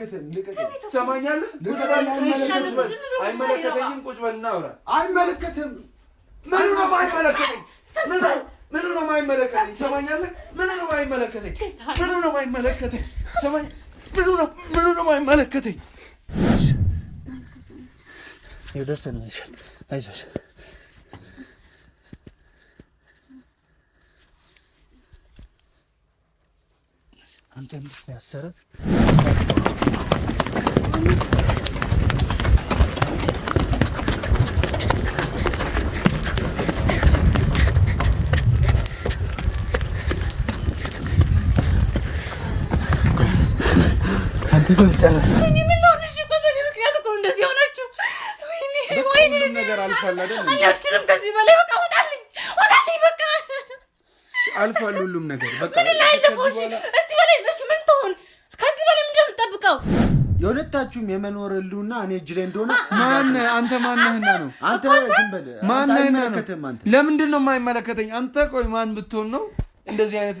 አይመለከትም። ልቀቀኝ። ትሰማኛለህ? ልቀቀኝ። አይመለከተኝም። ቁጭ በልና አውራ። አይመለከትም። ምኑ ነው አይመለከተኝ? ምኑ ነው አይመለከተኝ? ትሰማኛለህ? ምኑ ነው አይመለከተኝ? ምኑ ነው አይመለከተኝ? ትሰማኛለህ? ምኑ ነው ምኑ ነው አይመለከተኝ? ደርሰን ይሻል። አይዞሽ አንተ ያሰረት ምግብ ጨረሰ። ሆነችው። አልችልም ከዚህ በላይ በቃ ውጣልኝ፣ ውጣልኝ በቃ አልፏል ሁሉም ነገር ምን ላይ እዚህ በላይ ነሽ። ምን ትሆን ከዚህ በላይ ምንድን ነው የምጠብቀው? የሁለታችሁም የመኖር ህልውና እኔ እጅ ላይ እንደሆነ ማነህ አንተ ማነህና ነው አንተ ማነህና ነው። ለምንድን ነው የማይመለከተኝ አንተ? ቆይ ማን ብትሆን ነው እንደዚህ አይነት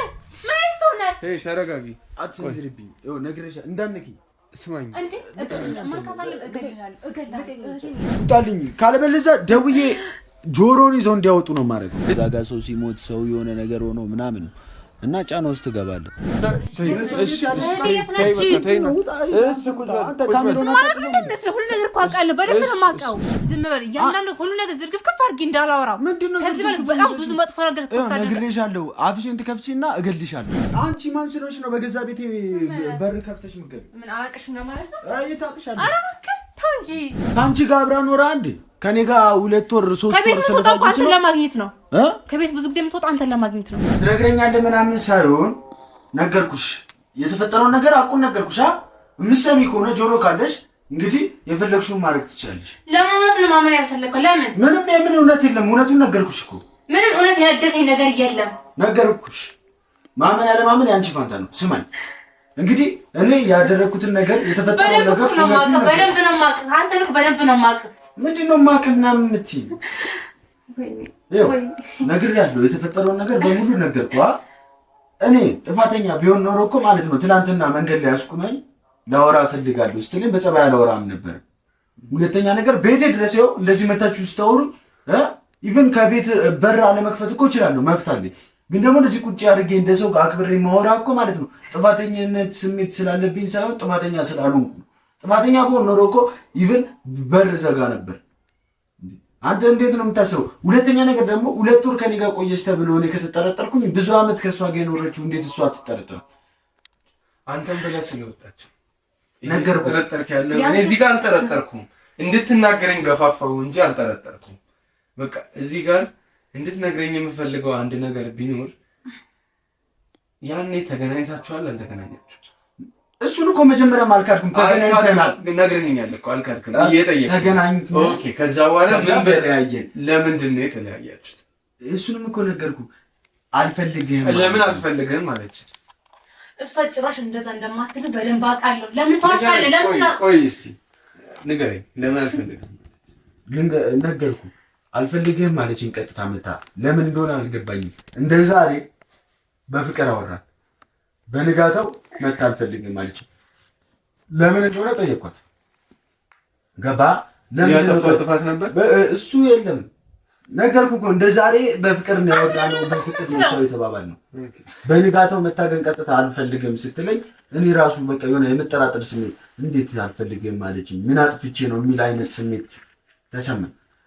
ተይሽ፣ ተረጋጊ። አትሰንዝርብኝ። ይኸው ነግሬሻ እንዳንኪ ስማኝ ውጣልኝ፣ ካለበለዚያ ደውዬ ጆሮን ይዘው እንዲያወጡ ነው ማድረግ። እዛ ጋ ሰው ሲሞት ሰው የሆነ ነገር ሆኖ ምናምን እና ጫና ውስጥ ትገባለህ። ነገር ነው አፍሽን ትከፍቺ እና እገልሻለሁ። አንቺ ማን ስለሆንሽ ነው በገዛ ቤቴ በር ከፍተሽ ምገብ ምን አላውቅሽም ነው ማለት ነው? እንጂ ከአንቺ ጋር አብራ አንድ ከኔ ጋር ሁለት ወር ሶስት ወር ስለታየች አንተን ለማግኘት ነው። ከቤት ብዙ ጊዜ የምትወጣ አንተ ለማግኘት ነው። ትነግረኛለህ ምናምን ሳይሆን ነገርኩሽ፣ የተፈጠረውን ነገር አቁን ነገርኩሽ። የምትሰሚ ከሆነ ጆሮ ካለሽ እንግዲህ የፈለግሽውን ማድረግ ትችላለሽ። ለምን እውነት ነው ማመን ያልፈለግከው? ለምን ምንም የምን እውነት የለም። እውነቱን ነገርኩሽ እኮ ምንም እውነት የነገርከኝ ነገር የለም። ነገርኩሽ። ማመን ያለማመን የአንቺ ፋንታ ነው። ስማኝ እንግዲህ እኔ ያደረኩትን ነገር የተፈጠረውን ነገር በደንብ ነው የማውቅህ። አንተ ልክ በደንብ ነው የማውቅህ። ምንድን ነው የማውቅህ ምናምን የምትይኝ ያለው የተፈጠረውን ነገር በሙሉ ነገርኩህ። እኔ ጥፋተኛ ቢሆን ኖሮ እኮ ማለት ነው ትናንትና መንገድ ላይ አስቁመኝ ላወራ እፈልጋለሁ ስትለኝ በጸባይ አላወራም ነበር። ሁለተኛ ነገር ቤቴ ድረስ ይኸው እንደዚህ መታችሁ ስታወሩ ኢቨን ከቤት በር አለመክፈት እኮ እችላለሁ፣ መብት አለኝ። ግን ደግሞ እንደዚህ ቁጭ አድርጌ እንደ ሰው አክብሬ ማወራ እኮ ማለት ነው ጥፋተኝነት ስሜት ስላለብኝ ሳይሆን ጥፋተኛ ስላልሆንኩ ነው። ጥፋተኛ በሆን ኖሮ እኮ ኢቭን በር ዘጋ ነበር። አንተ እንዴት ነው የምታስበው? ሁለተኛ ነገር ደግሞ ሁለት ወር ከኔ ጋር ቆየች ተብሎ እኔ ከተጠረጠርኩኝ ብዙ ዓመት ከእሷ ጋር የኖረችው እንዴት እሷ አትጠረጠርም? አንተም ብለህ ስለወጣችው ያለ እኔ እዚህ ጋር አልጠረጠርኩም፣ እንድትናገረኝ ገፋፋው እንጂ አልጠረጠርኩም። በቃ እዚህ ጋር እንድትነግረኝ የምፈልገው አንድ ነገር ቢኖር ያኔ ተገናኝታችኋል አልተገናኛችሁም? እሱን እኮ መጀመሪያም አልካድኩም። ተገናኝተናል፣ ነግረኸኛል እኮ አልካድኩም። እየጠየቅህ ተገናኝተናል። ኦኬ፣ ከዛ በኋላ ተለያየን። ለምንድን ነው የተለያያችሁት? እሱንም እኮ ነገርኩ። አልፈልግህም። ለምን አልፈልግህም ማለች እሷ ጭራሽ እንደዛ እንደማትል በደንብ አውቃለሁ። ለምን ተዋሻለ? ለምን ቆይ እስቲ ንገረኝ። ለምን አልፈልግህም ነገርኩህ አልፈልግህም አለችኝ። ቀጥታ መታ ለምን እንደሆነ አልገባኝም። እንደ ዛሬ በፍቅር አወራን። በንጋታው መታ አልፈልግህም አለችኝ። ለምን እንደሆነ ጠየኳት። ገባ ጥፋት ነበር እሱ የለም ነገርኩ እኮ እንደ ዛሬ በፍቅር ያወጣ ነው ያወጣነው፣ በፍቅር ነው የተባባልነው። በንጋታው መታገን ቀጥታ አልፈልግም ስትለኝ እኔ ራሱ በቃ የሆነ የመጠራጠር ስሜት እንዴት አልፈልግም አለችኝ፣ ምን አጥፍቼ ነው የሚል አይነት ስሜት ተሰማኝ።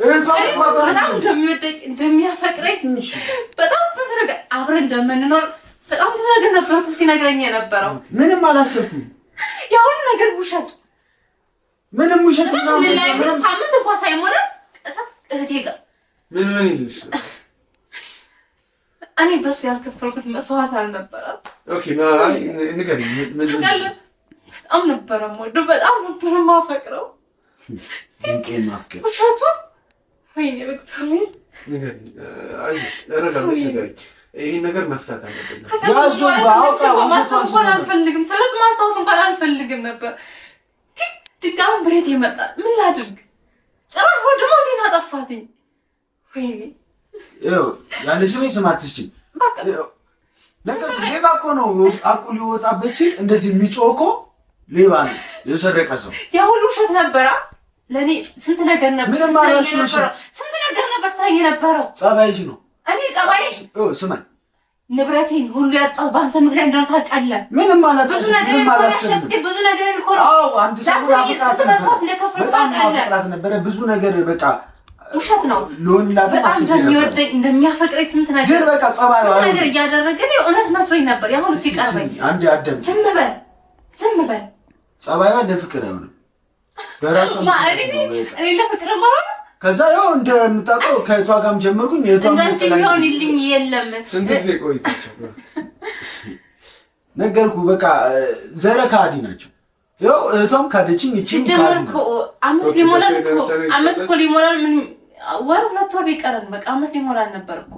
በጣም እንደሚወደኝ እንደሚያፈቅረኝ በጣም ብዙ ነገር አብረን እንደምንኖር በጣም ብዙ ነገር ነበርኩ ሲነግረኝ የነበረው። ምንም አላሰብኩም። የአሁኑ ነገር ውሸት፣ ምንም ውሸት። ሳምንት እንኳ ሳይሞላ እህቴ ጋር ምን ምን ይልሽ እኔ በሱ ያልከፈልኩት መስዋዕት አልነበረም። በጣም ነበረ ወዶ በጣም ነበረ ማፈቅረው ውሸቱ ወይኔ በእግዚአብሔር አይሽ ነገር መፍታት አለብን። አልፈልግም፣ ስለሱ ማስታወስ እንኳን አልፈልግም ነበር። ግን ድጋሚ በየት ይመጣል? ምን ላድርግ? ጭራሽ ወንድሞ ዜና ጠፋትኝ። ወይኔ ያለ ስሜን ስም አትስችል ሌባ እኮ ነው። አቁ ሊወጣበት ሲል እንደዚህ የሚጮህ እኮ ሌባ ነው የሰረቀ ሰው። ያ ሁሉ ውሸት ነበራ ለእኔ ስንት ነገር ነበር፣ ስንት ነገር ነበር ጸባይሽ ነው። እኔ ጸባይሽ ስማኝ፣ ንብረቴን ሁሉ ያጣሁት በአንተ ምክንያት እንደሆነ ታውቃለህ። ምንም ማለት ብዙ ነገር ብዙ ነገር ብዙ ነገር በቃ ውሸት ነው። እንደሚወደኝ እንደሚያፈቅረኝ ስንት ነገር ነገር እያደረገ እውነት መስሎኝ ነበር። ሲቀርበኝ ዝም በል ዝም በል ጸባይዋ ለፍቅር አይሆንም ከዛ ያው እንደምታውቀው ከእቷ ጋርም ጀመርኩኝ። እንዳንቺ ቢሆንልኝ የለም። ስንት ጊዜ ቆይታቸው ነገርኩ። በቃ ዘረ ከሃዲ ናቸው። ያው እህቷም ካደችኝ እቺም ካደች። አመት ሊሞላን አመት እኮ ሊሞላን ምን ወር ሁለት ወር ቢቀረን በቃ አመት ሊሞላን ነበር እኮ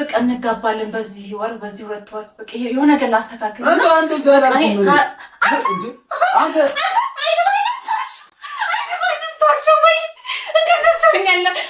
በቃ እንጋባለን። በዚህ ወር በዚህ ሁለት ወር በቃ የሆነ ነገር ላስተካክል አንተ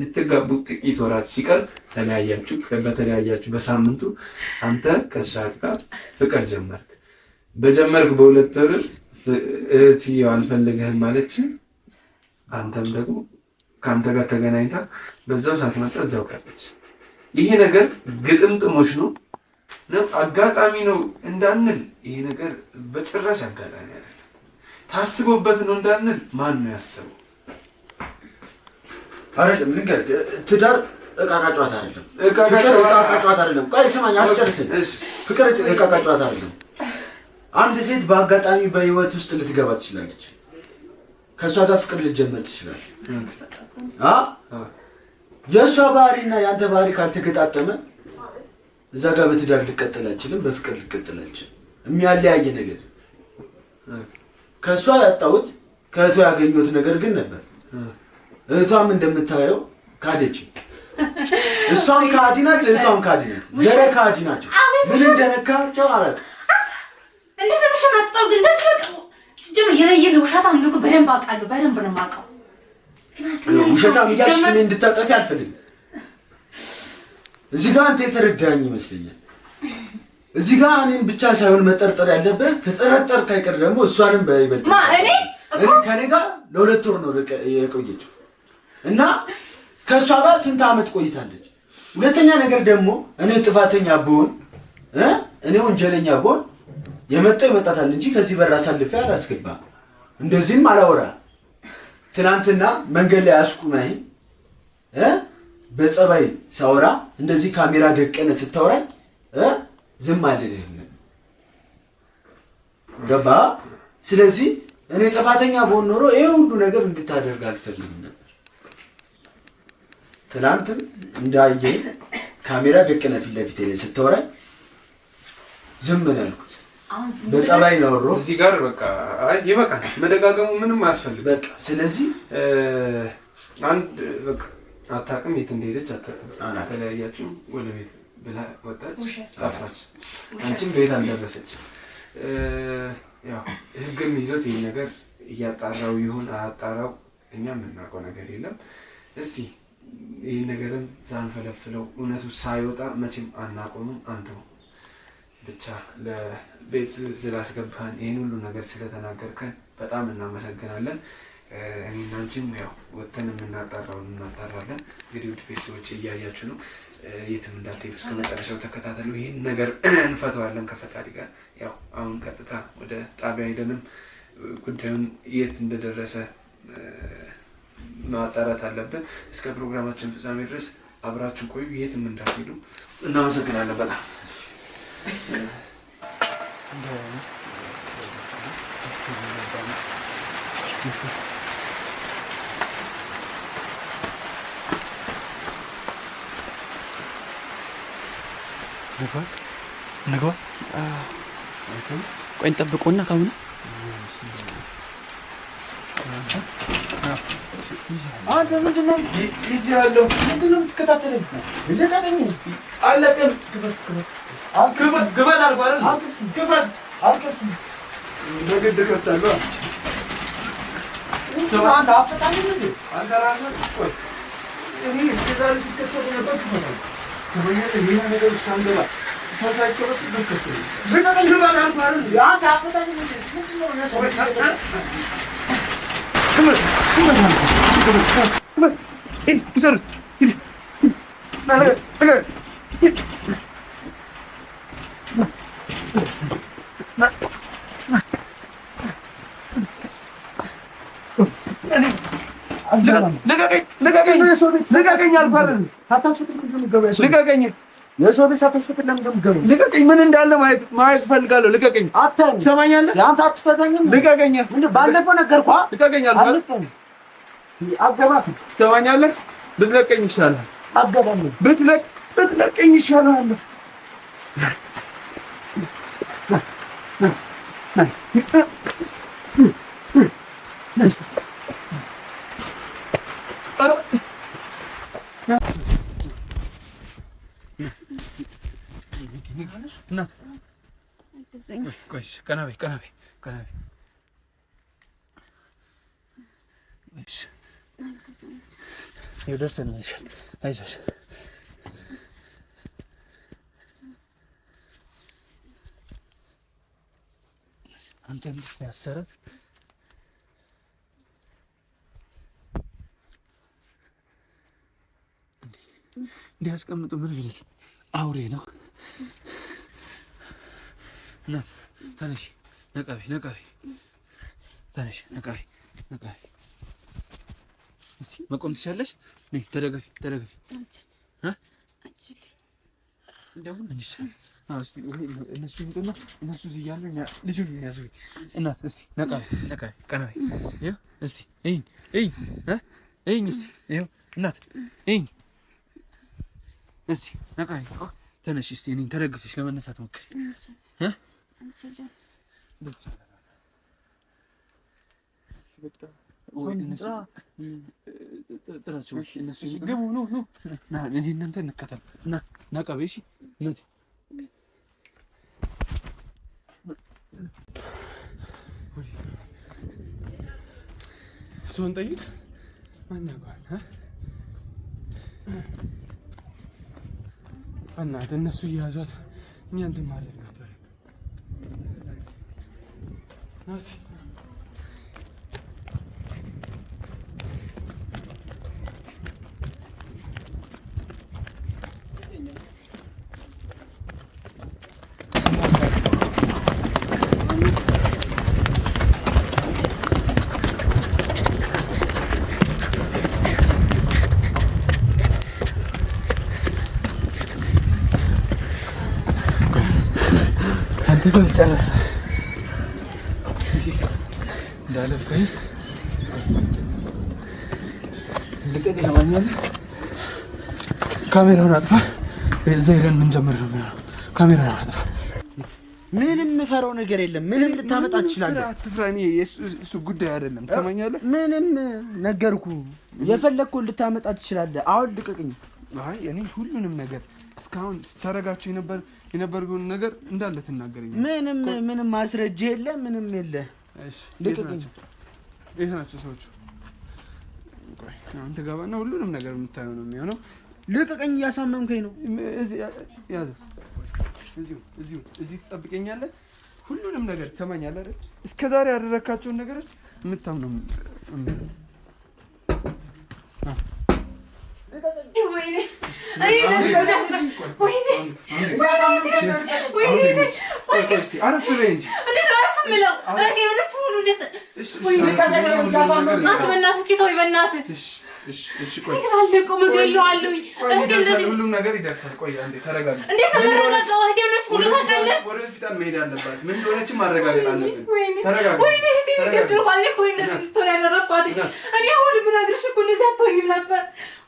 ልትጋቡት ጥቂት ወራት ሲቀር ተለያያችሁ። በተለያያችሁ በሳምንቱ አንተ ከሰዓት ጋር ፍቅር ጀመርክ። በጀመርክ በሁለት ወር እህትዬው አልፈልግህም ማለች። አንተም ደግሞ ከአንተ ጋር ተገናኝታ በዛው ሳትመጣ እዛው ቀረች። ይሄ ነገር ግጥምጥሞች ነው ነው አጋጣሚ ነው እንዳንል፣ ይሄ ነገር በጭራሽ አጋጣሚ አይደለም። ታስቦበት ነው እንዳንል፣ ማን ነው ያስበው? አይደለም ልንገርህ፣ ትዳር እቃቃ ጨዋታ አይደለም። ፍቅር እቃቃ ጨዋታ አይደለም። ቆይ ስማኝ፣ አስጨርስን። ፍቅር እቃቃ ጨዋታ አይደለም። አንድ ሴት በአጋጣሚ በህይወት ውስጥ ልትገባ ትችላለች። ከእሷ ጋር ፍቅር ልትጀምር ትችላለች። የእሷ ባህሪና የአንተ ባህሪ ካልተገጣጠመ እዛ ጋር በትዳር ልቀጥል አልችልም፣ በፍቅር ልቀጥል አልችልም። የሚያለያየ ነገር ከእሷ ያጣሁት ከእህቷ ያገኘሁት ነገር ግን ነበር። እህቷም እንደምታየው ካደች። እሷም ካዲ ናት፣ እህቷም ካዲ ናት። ዘረ ካዲ ናቸው። ምን እንደነካቸው አላውቅም። ውሸታም በደንብ አውቃለሁ፣ እያልሽ እኔ እንድታጠፊ አልፈልግም። እዚህ ጋር አንተ የተረዳኝ ይመስለኛል። እዚህ ጋር እኔም ብቻ ሳይሆን መጠርጠር ያለብህ ከጠረጠር ካይቀር ደግሞ እሷንም በይበልጥ ከኔ ጋር ለሁለት ወር ነው የቆየችው እና ከእሷ ጋር ስንት ዓመት ቆይታለች። ሁለተኛ ነገር ደግሞ እኔ ጥፋተኛ ብሆን እኔ ወንጀለኛ ብሆን የመጣው ይመጣታል እንጂ ከዚህ በር አሳልፌ አላስገባም፣ እንደዚህም አላወራ። ትናንትና መንገድ ላይ አስቁመኝ በጸባይ ሳወራ እንደዚህ ካሜራ ደቀነ ስታወራኝ ዝም አልልህም። ገባ። ስለዚህ እኔ ጥፋተኛ በሆን ኖሮ ይሄ ሁሉ ነገር እንድታደርግ አልፈልግም። ትናንትም እንዳየ ካሜራ ደቅነ ፊት ለፊት ላይ ስትወራኝ ዝም ነው ያልኩት። በጸባይ ነው ሮ እዚህ ጋር በቃ አይ ይበቃል፣ መደጋገሙ ምንም አያስፈልግ። በቃ ስለዚህ አንድ በቃ አታውቅም፣ የት እንደሄደች አታውቅም። ተለያያችሁ፣ ወደ ቤት ብላ ወጣች፣ ጠፋች። አንቺም ቤት አልደረሰች። ያው ህግም ይዞት ይህ ነገር እያጣራው ይሁን አያጣራው እኛ የምናውቀው ነገር የለም። እስቲ ይህን ነገርን ሳንፈለፍለው እውነቱ ሳይወጣ መቼም አናቆምም። አንተ ብቻ ለቤት ስላስገባህን ይህን ሁሉ ነገር ስለተናገርከን በጣም እናመሰግናለን። እኔ አንቺም ያው ወተን የምናጣራውን እናጠራለን። እንግዲህ ውድ ቤተሰቦች እያያችሁ ነው። የትም እንዳትሄዱ እስከ መጨረሻው ተከታተሉ። ይህን ነገር እንፈተዋለን ከፈጣሪ ጋር። ያው አሁን ቀጥታ ወደ ጣቢያ ሄደንም ጉዳዩን የት እንደደረሰ ማጣራት አለብን። እስከ ፕሮግራማችን ፍጻሜ ድረስ አብራችሁ ቆዩ፣ የትም እንዳትሄዱ። እናመሰግናለን በጣም ንግባ ቆይ እንጠብቆና ካሁን አንተ ምንድን ነው ልጅ ምንድን ነው የምትከታተለኝ? እንደታደኝ አለቀን። ግፈት ግፈት ግፈት አልኩህ አይደል? ግፈት አልከፍትም። በግድ እከፍታለሁ። አንተ አፈጣኝ እንዴ? አንተ ራስህ እኔ እስከ ዛሬ ሲከፈት ነበር። ግፈት ትበኛለህ። ይህ ነገር ሳንገባ ሰብሳቸው ስ ብከፍት ልቀቀኝ። ግፈት አልኩህ አንተ አፈጣኝ ምንድን ነው የሰዎች సార్ ልቀቀኝ ልቀቀኝ ልቀቀኝ አልኳር ልቀቀኝ የሰው ቤት ሳታስፈቅድ ለምን ገምገም? ልቀቀኝ! ምን እንዳለ ማየት ማየት እፈልጋለሁ። ልቀቀኝ! አተን ትሰማኛለህ? የአንተ አትፈታኝም። ልቀቀኝ! ምንድን ባለፈው ነገርኩህ። ልቀቀኝ! አገባህ። ሰማኛለ። ብትለቀኝ ይሻላል። አገባህ። ብትለቅ ብትለቀኝ ይሻላል። አረ እናት ቀና በይ፣ ቀና በይ፣ ቀና በይ። ደርሰን አይዞሽ እንዲህ ያስቀምጡ ምን አውሬ ነው? እናት ተነሽ፣ ነቃቤ ነቃቤ፣ ተነሽ፣ ነቃቤ ነቃቤ። እስቲ መቆም ትችያለሽ። ነይ ተደገፊ፣ ተደገፊ። እነሱ ይምጡና እነሱ እዚህ እያሉ ልጁን የሚያዙኝ እናት። እስቲ ነቃቤ ነቃቤ፣ ቀናቤ። እስቲ እይኝ እይኝ እይኝ፣ እስቲ ይኸው እናት እይኝ፣ እስቲ ነቃቤ ተነሽ እስቲ እኔን ተደግፈሽ ለመነሳት ሞክሪ። ጥራቸው ግቡ። እናንተ እንከተል እና ናቀቤ እሺ እነት ሰውን ጠይቅ ማናጓል በእናትህ እነሱ እየያዟት እኛ እንትን ማለት ነበር ናሲ ጨነሰ እንዳለፈኝ ልቀቅ። ካሜራውን አጥፋ። እዛ ሄደን ነው የሚሆነው። አጥፋ። ምንም የምፈራው ነገር የለም። ምንም ልታመጣ ትችላለህ። አትፍራ። እሱ ጉዳይ አይደለም። ትሰማኛለህ? ምንም የፈለግኩ ልታመጣ ትችላለህ። አሁን ልቀቅኝ። አይ እኔ ሁሉንም ነገር እስካሁን ስተረጋቸው የነበር የነበርገውን ነገር እንዳለ ትናገረኝ። ምንም ምንም ማስረጃ የለ፣ ምንም የለ። እሺ ቤት ናቸው ሰዎቹ። አንተ ገባና ሁሉንም ነገር የምታየው ነው የሚሆነው። እያሳመምከኝ ነው። ያዘ እዚሁ እዚሁ እዚህ ትጠብቀኛለህ። ሁሉንም ነገር ትሰማኛለህ አይደል? እስከ ዛሬ ያደረካቸውን ነገሮች የምታምነው ሁሉም ነገር ይደርሳል። ቆይ አንዴ ተረጋጋ። እንዴት ተመረጋጋው? ወደ ሆስፒታል መሄድ አለባት። ምን እንደሆነች ማረጋገጥ አለብን። ተረጋጋ። ወይኔ እህቴ እኔ አሁን የምነግርሽ እኮ እንደዚህ አትሆኝም ነበር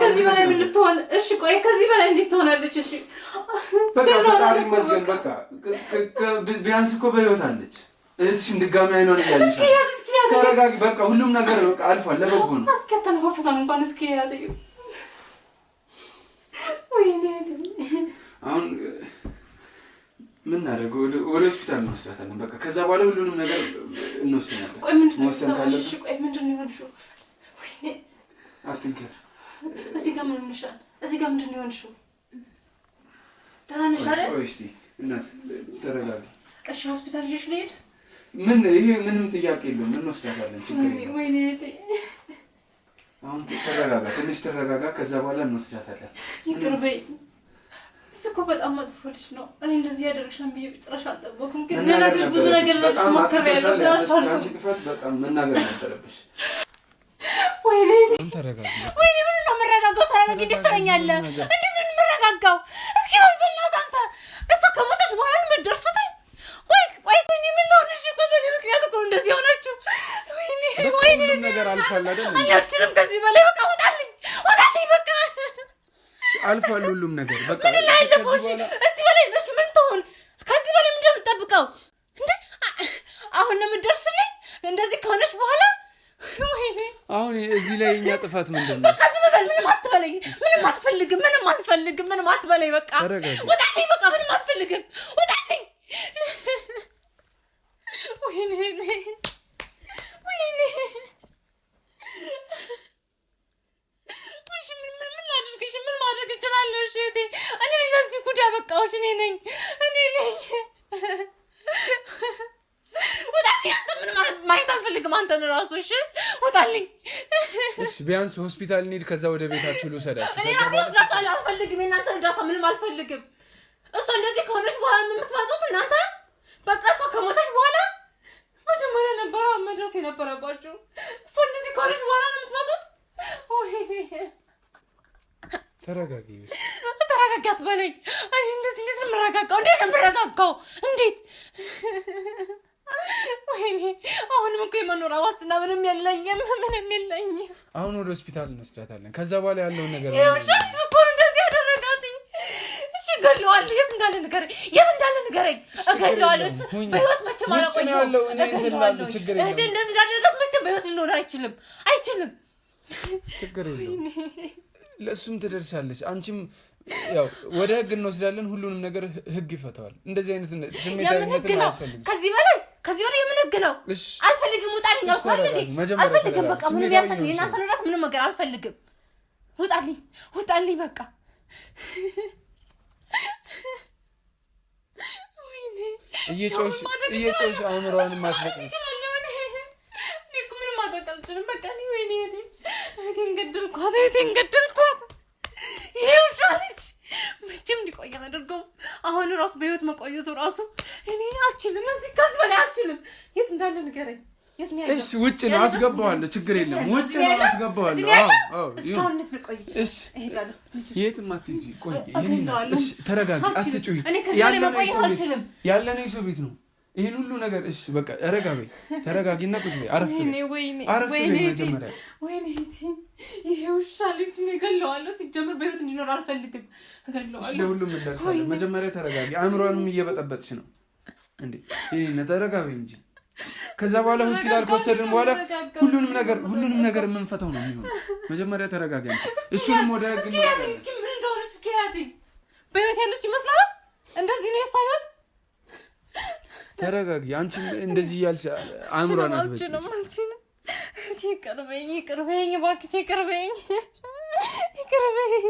ከዚህ በላይ ምን ልትሆን? እሺ ቆይ ከዚህ በላይ እንዴት ትሆናለች? እሺ በቃ ፈጣሪ ይመስገን። በቃ ቢያንስ እኮ በህይወት አለች። እህትሽን ድጋሚ አይኗን እያለች ተረጋጊ። በቃ ሁሉም ነገር አልፏል፣ ለበጎ ነው። እስኪ አታነፋፈሷን እንኳን እስኪ አሁን ምን ወደ ሆስፒታል እንወስዳታለን። በቃ ከዛ በኋላ ሁሉንም ነገር እንወስናለን። መወሰን አትንከር። እዚህ ጋር ምን ሆነሻል? እዚህ ጋር ምንድን ነው የሆንሽው? ደህና ነሽ አይደል? ቆይ እስኪ እናት ተረጋጋ። እሺ ሆስፒታል ይዤሽ ልሄድ። ምን ይሄ ምንም ጥያቄ የለውም፣ እንወስዳታለን። ችግር የለውም። አሁን ተረጋጋ፣ ትንሽ ተረጋጋ። ከዛ በኋላ እንወስዳታለን። ይቅር በይ እሱ እኮ በጣም መጥፎ ልጅ ነው። እኔ እንደዚህ ያደረግሻን ብዬ ጭራሽ አልጠበኩም፣ ግን ልነግርሽ ብዙ ነገር ልነግርሽ ሞክሬያለሁ። ወይኔ ምን ነው መረጋጋው? ተረጋጊ። እንዴት ተረኛለህ? እንዴት ነው የምረጋጋው? እስኪ በእናትህ አንተ፣ እሷ ከሞተች በኋላ የምትደርሱት ምክንያት እኮ እንደዚህ የሆነችው። ወይኔ ወይኔ፣ ነገር አልፈልግም፣ አልችልም ከዚህ በላይ በቃ ውጣልኝ፣ ውጣልኝ በቃ አልፏል ሁሉም ነገር። በቃ ምን ላይ አለፈው? እዚህ በላይ ነሽ ምን ትሆን? ከዚህ በላይ ምንድን ነው የምጠብቀው እንዴ? አሁን ነው የምትደርስልኝ? እንደዚህ ከሆነች በኋላ አሁን እዚህ ላይ እኛ ጥፋት ምንድን ነው? በቃ ዝም በል፣ ምንም አትበለኝ። ምንም አትፈልግም ምንም አትፈልግም ምንም አትበለኝ። በቃ ውጣልኝ፣ በቃ ምንም አትፈልግም ውጣልኝ። ወይኔ እችላለሁ። እሺ እህቴ፣ እኔ ለዚህ ጉድ ያበቃሁሽ እኔ ነኝ፣ እኔ ነኝ። ውጣልኝ! አንተ ምን ማየት አልፈልግም አንተን እራሱ። እሺ ውጣልኝ። እሺ ቢያንስ ሆስፒታል እንሂድ፣ ከዛ ወደ ቤታችሁ ልውሰዳችሁ። እኔ ራሴ ወስዳታለሁ። አልፈልግም፣ የእናንተን እርዳታ ምንም አልፈልግም። እሷ እንደዚህ ከሆነች በኋላ የምትመጡት እናንተ በቃ እሷ ከሞተች በኋላ መጀመሪያ ነበረ መድረስ የነበረባችሁ። እሷ እንደዚህ ከሆነች በኋላ ነው የምትመጡት ወይ ተረጋጊ ተረጋጋት በለኝ። እኔ እንደዚህ እንዴት ነው የምረጋጋው? እንዴት ነው የምረጋጋው? እንዴት ወይኔ! አሁንም እኮ የመኖር ዋስትና ምንም የለኝም፣ ምንም የለኝም። አሁን ወደ ሆስፒታል እንወስዳታለን። ከዛ በኋላ ያለውን ነገር እንደዚህ ያደረጋትኝ። እሺ እገለዋለሁ። የት እንዳለ ንገረኝ፣ የት እንዳለ ንገረኝ። እገለዋለሁ። እሱ በህይወት መቼም አላቆየው። እንደዚህ እንዳደረጋት መቼም በህይወት ሊኖር አይችልም፣ አይችልም። ችግር የለውም ለእሱም ትደርሳለች አንቺም ያው ወደ ህግ እንወስዳለን። ሁሉንም ነገር ህግ ይፈተዋል። እንደዚህ አይነት ስሜታዊነትን ከዚህ በላይ ከዚህ በላይ የምን ህግ ነው? አልፈልግም፣ ውጣልኝ አልኳል። አልፈልግም፣ በቃ ምን ያንተን የእናንተ ንብረት ምንም ነገር አልፈልግም። ውጣልኝ፣ ውጣልኝ፣ በቃ እየጮሽ እየጮሽ አእምሯን ማስለቅ አልችልም። በቃ እኔ ወይኔ እህቴን ገደልኳት፣ እህቴን ገደልኳት። ይሄው ልጅ መቼም እንዲቆይ አላደርገውም። አሁን ራሱ በህይወት መቆየቱ ራሱ እኔ አልችልም። እዚህ ከዚህ በላይ አልችልም። የት እንዳለ ንገረኝ። እሺ ውጭ ነው አስገባዋለሁ። ችግር የለም። ውጭ ነው አስገባዋለሁ። እስካሁን እንዴት ልቆይ እሄዳለሁ? ቆይ ተረጋጊ፣ አትጩሂ። ያለነው የሰው ቤት ነው ይህን ሁሉ ነገር እሺ፣ በቃ ረጋ ተረጋጊ እና ቁጭ በይ። አረፍ አረፍ መጀመሪያ ይሄ ውሻ ልጅ እገለዋለሁ። ሲጀምር በህይወት እንዲኖር አልፈልግም። ለሁሉም እንደርሳለን። መጀመሪያ ተረጋጊ። አእምሯንም እየበጠበጥሽ ነው እንዴ? ይህ ተረጋ እንጂ ከዛ በኋላ ሆስፒታል ከወሰድን በኋላ ሁሉንም ነገር ሁሉንም ነገር የምንፈተው ነው የሚሆነው። መጀመሪያ ተረጋጊ። እሱንም ወደ ህግ ምን እንደሆነች እስኪ በህይወት ያለች ይመስላል። እንደዚህ ነው የሷ ህይወት ተረጋጊ። አንቺ እንደዚህ እያልሽ አእምሯን አትበጭም። ይቅርበኝ፣ ይቅርበኝ፣ እባክሽ ይቅርበኝ፣ ይቅርበኝ።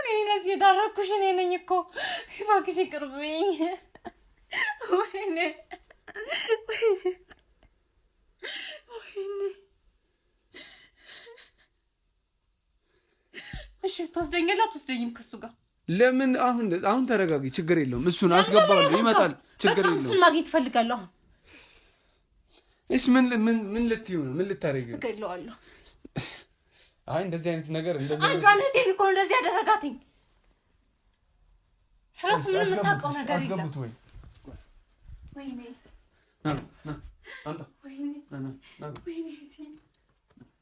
እኔ ለዚህ የዳረኩሽ እኔ ነኝ እኮ። እባክሽ ይቅርበኝ። ወይኔ ወይኔ። እሺ ትወስደኛለህ አትወስደኝም ከእሱ ጋር ለምን አሁን አሁን ተረጋጊ፣ ችግር የለውም። እሱን አስገባሉ ይመጣል፣ ችግር የለውም። እሱን ማግኘት እፈልጋለሁ። አሁን እሺ፣ ምን ምን ምን ልትዩ ነው? ምን ልታረጊ ነው? እገለዋለሁ። አይ እንደዚህ አይነት ነገር እንደዚህ አንዷን እህቴን እኮ እንደዚህ ያደረጋትኝ። ስለሱ ምን የምታውቀው ነገር የለም። አስገቡት ወይ ወይኔ፣ ና ና፣ አንተ ወይኔ፣ ና ና፣ ወይኔ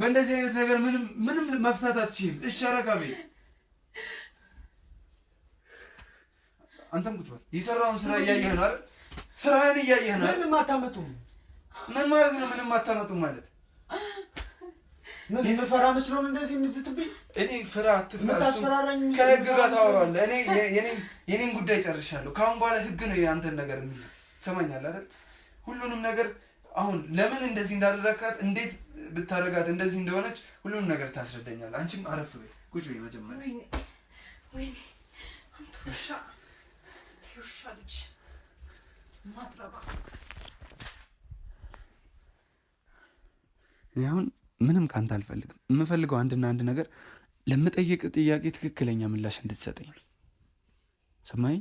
በእንደዚህ አይነት ነገር ምንም ምንም መፍታት አትችልም። እሺ አንተም ቁጭ በል። የሰራውን ስራ እያየህ ነው አይደል? ስራህን እያየህ ነው። ምንም አታመጡም። ምን ማለት ነው? ምንም አታመጡም ማለት ምን የምፈራ መስሎህ እንደዚህ የምትዝትብኝ? እኔ ፍራ ትፍራሱ ከህግ ጋር ታወራለህ። እኔ የኔን ጉዳይ ጨርሻለሁ። ከአሁን በኋላ ህግ ነው የአንተን ነገር የሚይዘው። ትሰማኛለህ አይደል? ሁሉንም ነገር አሁን ለምን እንደዚህ እንዳደረካት፣ እንዴት ብታረጋት እንደዚህ እንደሆነች ሁሉንም ነገር ታስረዳኛለህ። አንቺም አረፍ በይ፣ ቁጭ በይ። መጀመሪያ ወይኔ አንተ ውሻ፣ ልጅ ማትረባ እኔ አሁን ምንም ካንተ አልፈልግም። የምፈልገው አንድና አንድ ነገር ለምጠይቅ ጥያቄ ትክክለኛ ምላሽ እንድትሰጠኝ ነው። ሰማይ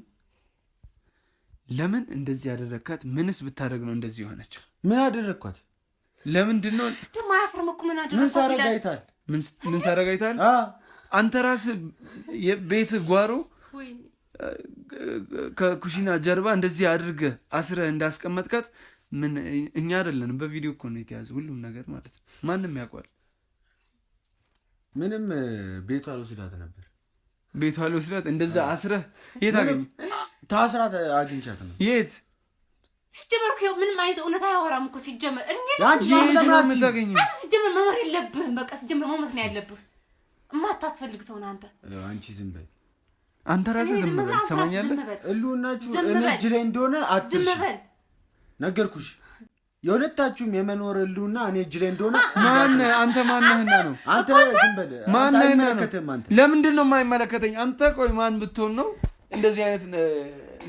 ለምን እንደዚህ ያደረግካት? ምንስ ብታደርግ ነው እንደዚህ የሆነችው? ምን አደረግኳት? ለምንድን ነው አያፍርም እኮ ምን አደረግኳት? ሳረጋይታል? ምን ሳረጋይታል? አንተ ራስህ ቤት ጓሮ ከኩሽና ጀርባ እንደዚህ አድርገህ አስረህ እንዳስቀመጥካት ምን እኛ አይደለንም። በቪዲዮ እኮ ነው የተያዘ ሁሉም ነገር ማለት ነው። ማንም ያውቋል። ምንም ቤቷ አልወስዳት ነበር። ቤቷ አልወስዳት እንደዛ አስረህ የት አገኘ? ታስራት አግኝቻት ነው የት ሲጀመር ምንም አይነት እውነት አያወራም እኮ ሲጀመር። ሲጀመር መኖር የለብህም በቃ ሲጀመር መሞት ነው ያለብህ። የማታስፈልግ ሰው ነህ አንተ። አንቺ ዝም በል አንተ ራስህ ዝም በል። ትሰማኛለህ? እልውናችሁ እጅ ላይ እንደሆነ አትርሽ ነገርኩሽ። የሁለታችሁም የመኖር ህልውና እኔ እጅ ላይ እንደሆነ ማነህ አንተ ማነህና ነው? አንተ ዝም በል ለምንድን ነው የማይመለከተኝ? አንተ ቆይ ማን ብትሆን ነው እንደዚህ አይነት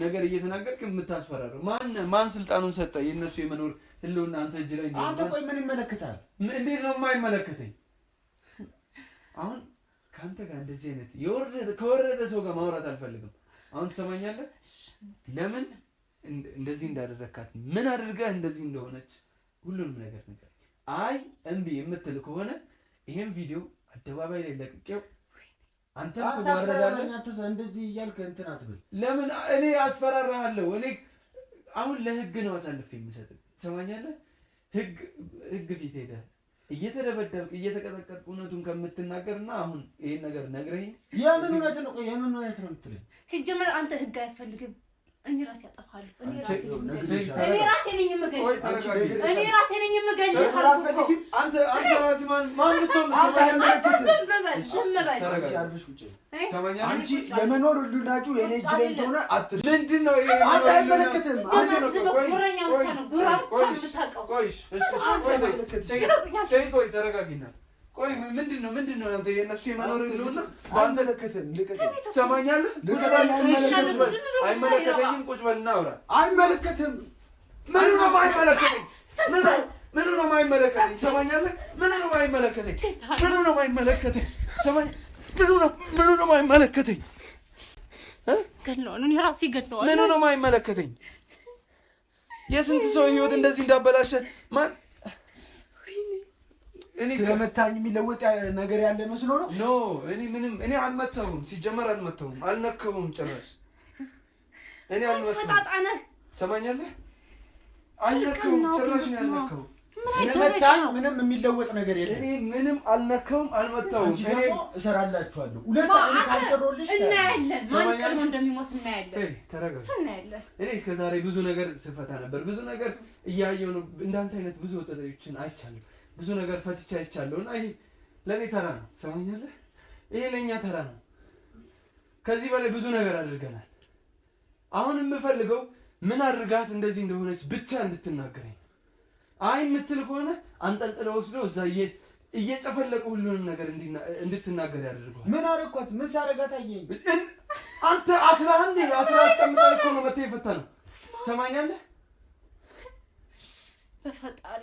ነገር እየተናገርክ የምታስፈራረው? ማን ማን ስልጣኑን ሰጠ? የእነሱ የመኖር ህልውና አንተ እጅ ላይ አንተ ቆይ ምን ይመለከታል? እንዴት ነው የማይመለከተኝ? አሁን ከአንተ ጋር እንደዚህ አይነት ከወረደ ሰው ጋር ማውራት አልፈልግም። አሁን ትሰማኛለህ? ለምን እንደዚህ እንዳደረካት ምን አድርገህ እንደዚህ እንደሆነች ሁሉንም ነገር ነገር አይ እምቢ የምትል ከሆነ ይሄን ቪዲዮ አደባባይ ላይ ለቅቄው አንተ እንደዚህ እያልክ እንትን አትበል። ለምን እኔ አስፈራራሃለሁ? እኔ አሁን ለህግ ነው አሳልፌ የምሰጥህ። ትሰማኛለህ? ህግ ህግ ፊት ሄደህ እየተደበደብክ እየተቀጠቀጥክ እውነቱን ከምትናገር አሁን ይሄን ነገር ነግረኝ። የምን እውነት ነው? የምን እውነት ነው የምትለኝ? ሲጀመር አንተ ህግ አያስፈልግም እኔ ራሴ ነኝ የምገልህ። የመኖር ሁሉናችሁ የኔ እጅ ላይ እንደሆነ ምንድን ነው ተረጋጊና ቆይ ምንድን ነው ምንድን ነው አንተ የመኖር በአንተ አይመለከተኝም። ቁጭ በል እናውራ። አይመለከትም። ምን ነው የማይመለከተኝ? ምን ነው የማይመለከተኝ? ምን ነው የማይመለከተኝ? ምን ነው የማይመለከተኝ? ምን ነው ምን ነው የማይመለከተኝ? ምን ነው የማይመለከተኝ? የስንት ሰው ህይወት እንደዚህ እንዳበላሸ ማን ስለመታኝ የሚለወጥ ነገር ያለ መስሎ ነው። ኖ እኔ ምንም እኔ አልመታሁም፣ ሲጀመር አልመታሁም፣ አልነካሁም ጭራሽ። እኔ አልመታሁም፣ ሰማኛለህ? አልነካሁም ጭራሽ ነው ያልነካሁም። ስለመታኝ ምንም የሚለወጥ ነገር የለም። እኔ ምንም አልነከውም፣ አልመታሁም። እኔ እሰራላችኋለሁ። ሁለት አይነት ካልሰሮልሽ እናያለን፣ ማን ቀድሞ እንደሚሞት እናያለን። ተረጋጋ፣ እሱ እናያለን። እኔ እስከዛሬ ብዙ ነገር ስፈታ ነበር፣ ብዙ ነገር እያየሁ ነው። እንዳንተ አይነት ብዙ ወጣቶችን አይቻለሁ። ብዙ ነገር ፈትቻ ይቻለሁ እና ይሄ ለእኔ ተራ ነው። ሰማኛለህ? ይሄ ለእኛ ተራ ነው። ከዚህ በላይ ብዙ ነገር አድርገናል። አሁን የምፈልገው ምን አድርጋት እንደዚህ እንደሆነች ብቻ እንድትናገረኝ። አይ የምትል ከሆነ አንጠልጥለው ወስዶ እዛ እየጨፈለቁ ሁሉንም ነገር እንድትናገር ያደርገዋል። ምን አደረኳት? ምን ሳደርጋት? አየኸኝ አንተ አስራ አንድ አስራ አስቀምጠህ እኮ ነው መተህ የፈታ ነው። ሰማኛለህ? በፈጣሪ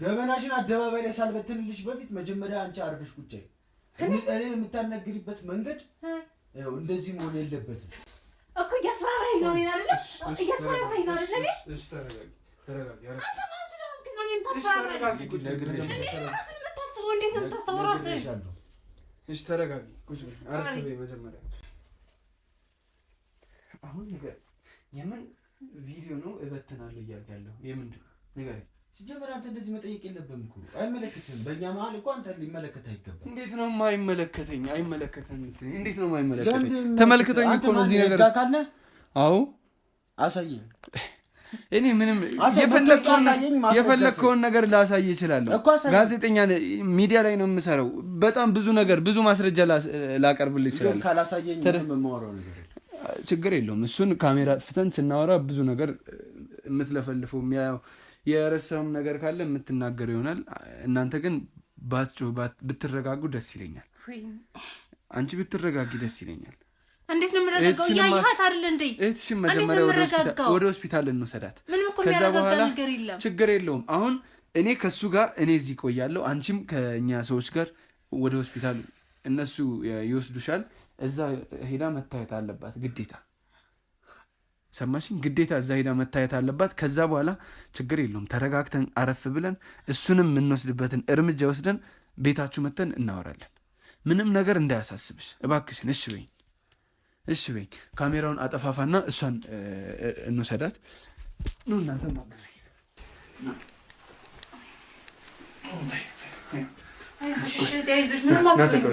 ገበናሽን አደባባይ ላይ ሳልበትንልሽ በፊት መጀመሪያ አንቺ አርፈሽ ቁጭ በይ። እኔን የምታናግሪበት መንገድ እንደዚህ መሆን የለበትም እኮ። እያስፈራራኸኝ ነው አይደል? እያስፈራራኸኝ ነው አይደል? አሁን የምን ቪዲዮ ነው እበትናለሁ እያልክ ያለው የምንድን ነው? ንገረኝ ሲጀመር አንተ እንደዚህ መጠየቅ የለብህም እኮ አይመለከትህም። በእኛ መሀል እኮ አንተ ሊመለከት አይገባም። እንዴት ነው የማይመለከተኝ? አይመለከተኝ። እንዴት ነው የማይመለከተኝ? ተመልክቶኝ እኮ ነው እዚህ ነገር ካለ አዎ፣ አሳየኝ። እኔ ምንም የፈለግከውን ነገር ላሳይ እችላለሁ። ጋዜጠኛ ሚዲያ ላይ ነው የምሰራው። በጣም ብዙ ነገር ብዙ ማስረጃ ላቀርብል እችላለሁ። ችግር የለውም። እሱን ካሜራ አጥፍተን ስናወራ ብዙ ነገር የምትለፈልፈው የሚያየው የረሳውም ነገር ካለ የምትናገር ይሆናል። እናንተ ግን ባትጮህባት ብትረጋጉ ደስ ይለኛል። አንቺ ብትረጋጊ ደስ ይለኛል። እንዴት ነው የምረጋጋው? እህትሽን መጀመሪያ ወደ ሆስፒታል እንውሰዳት። ከዛ በኋላ ችግር የለውም። አሁን እኔ ከእሱ ጋር እኔ እዚህ ቆያለሁ። አንቺም ከእኛ ሰዎች ጋር ወደ ሆስፒታል እነሱ ይወስዱሻል። እዛ ሄዳ መታየት አለባት ግዴታ። ሰማሽኝ ግዴታ እዛ ሄዳ መታየት አለባት። ከዛ በኋላ ችግር የለውም ተረጋግተን አረፍ ብለን እሱንም የምንወስድበትን እርምጃ ወስደን ቤታችሁ መተን እናወራለን። ምንም ነገር እንዳያሳስብሽ እባክሽን። እሽ በይኝ፣ እሽ በይኝ። ካሜራውን አጠፋፋና እሷን እንውሰዳት። እናንተ ምንም